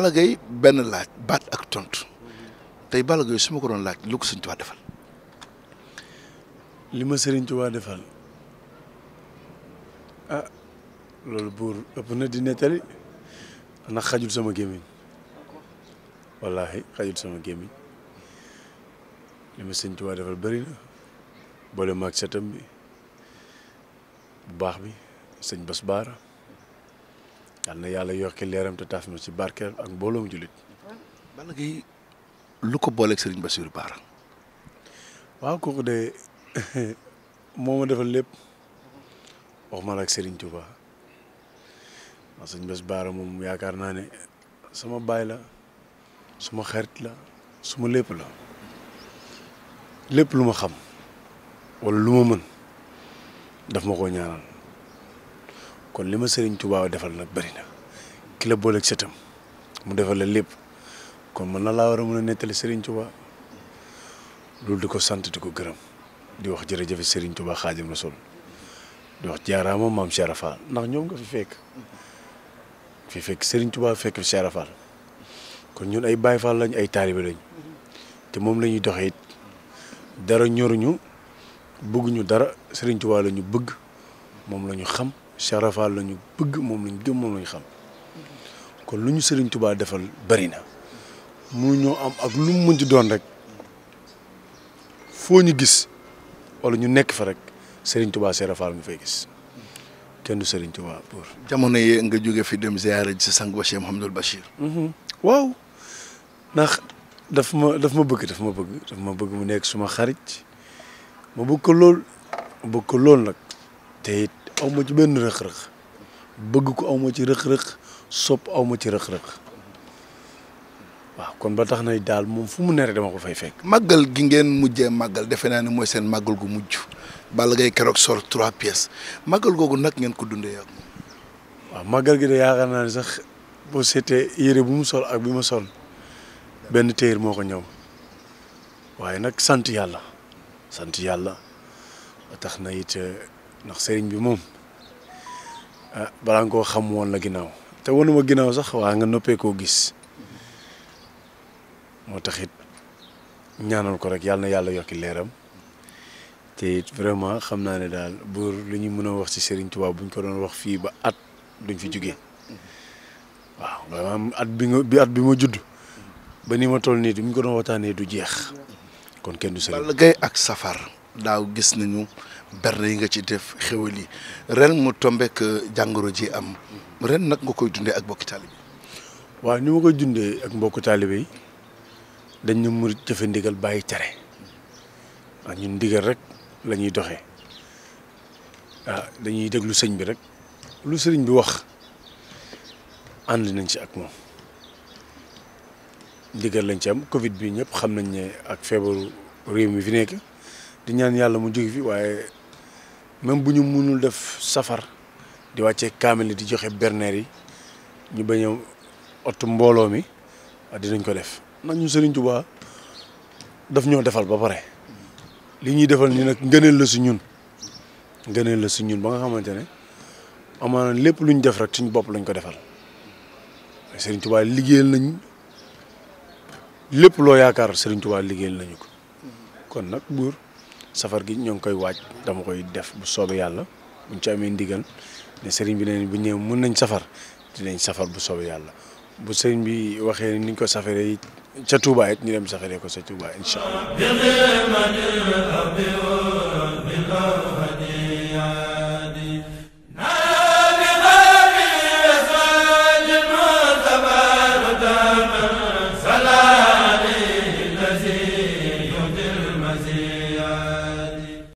balagay gayi laaj bat ak tontu tay balagay suma ko don laaj luk ko touba defal. lima ma touba defal ah loolu bour ëpp di netali xajul sama gémmiñ wallahi xajul sama gémmiñ lima ma touba defal bari na bolé mak setam bi bu baax bi sëñ basbara yàlla na yàlla yokki leeram te taas na ci barkeem ak mbooloom jullit. Balla Gaye lu ko booleeg Serigne Bassirou Bara. waaw kooku de moo ma defal lépp waxuma la ak Serigne Touba waaw sëñ Bass Bara moom yaakaar naa ne sama baay la suma xarit la suma lépp la lépp lu ma xam wala lu ma mën daf ma koo ñaanal. kon lima Serigne Touba defal nak bari na club la booleeg sëtam mu defal la lépp kon man la wara mu a Serigne Touba loolu diko sante diko di gërëm di wax jere jërëjëf Serigne Touba khadim rasoul di wax jaaraama mam Cheikh ndax ñom nga fi fek fi fek Serigne Touba fek fi Cheikh kon ñun ay Baye Fall lañ ay talibé lañ te mom lañuy doxé dara ñoruñu bëgguñu dara Serigne Touba lañu bëgg mom lañu xam. Cheikh lañu bëgg mom lañu gëm mom lañu xam ko luñu Serigne Touba defal bari na mu ñoo am ak lu mu mënti doon rek foo ñu gis wala ñu nekk fa rek Serigne Touba Cheikh Ibra fay gis kenn Serigne Touba pour. jamono ye nga joggé fi dem ziaré ci sang ba Cheikh Mouhamadul Bachir. Mhm. waw nak daf ma daf ma bëgg daf ma bëgg daf ma bëgg mu nekk suma xarit ma bëgg lool bëgg lool nak te awma ci ben rek rek bëgg ko awma ci rek rek sop awma ci rek rek wa kon ba tax nay dal mom fu mu nere dama ko fay fekk magal gi ngeen mujjé magal defe na ne moy sen magal gu mujj bal gay kérok sor 3 pièces magal gogu nak ngeen ko dundé ak wa magal gi da yaakaar naa sax bo sété yéré bu mu sol ak bima sol ben téer moko ñew waye nak sante yalla sante yalla tax na it ndax sëriñ bi mom ah balang nga xam won la ginaaw te wonuma ginaaw sax wa nga noppé ko gis mo taxit ñaanal ko rek yalla na yàlla yokki leram té vraiment xamna né dal bur buur li ñu mën wax ci sëriñ buñ ko doon wax fi ba at duñ fi juggé waaw vraiment at bi bi at bi mo judd ba ni ma toll nii duñ ko doon waxtaanee du jeex kon kenn du sëriñ ak Safar daaw gis nañu berne yi nga ci def xéwal yi ren mu tombek euh, jàngoro ji am ren nag nga koy dundee ak mbokki taalibe yi waaw ni ma koy dundee ak mbokki taalibe yi dañ jëfe ndigal bàyyi tere waaw ñun ndigal rek la ñuy doxee waaw dañuy déglu sëñ bi rek lu sëriñ bi wax ànd nañ ci ak moom ndigal lañ ci am Covid bi ñëpp xam nañ ne ak feebaru réew mi fi nekk. di ñaan yalla mu jóge fi waye même buñu mënul def safar di wacce kamel di joxe berner yi ñu bañu a mbolo mi di nañ ko def ndax ñu Serigne Touba daf ñoo defal ba pare li ñuy defal ni nak ngeenel la su ñun ngeenel la su ñun ba nga xamantene ne lepp luñ def rek suñu bop lañ ko defal Serigne Touba liggéeyal nañ lepp lo yaakar Serigne Touba liggéeyal nañu ko kon nak bur safar gi ñoo ngi koy waaj dama koy def bu soobee yàlla buñ ci amee ndigal ne sëriñ bi ne bu ñëw mën nañ safar dinañ safar bu soobee yàlla bu sëriñ bi waxee ni ñu ko safaree ca Touba ñu dem safaree ko ca Touba incha allah.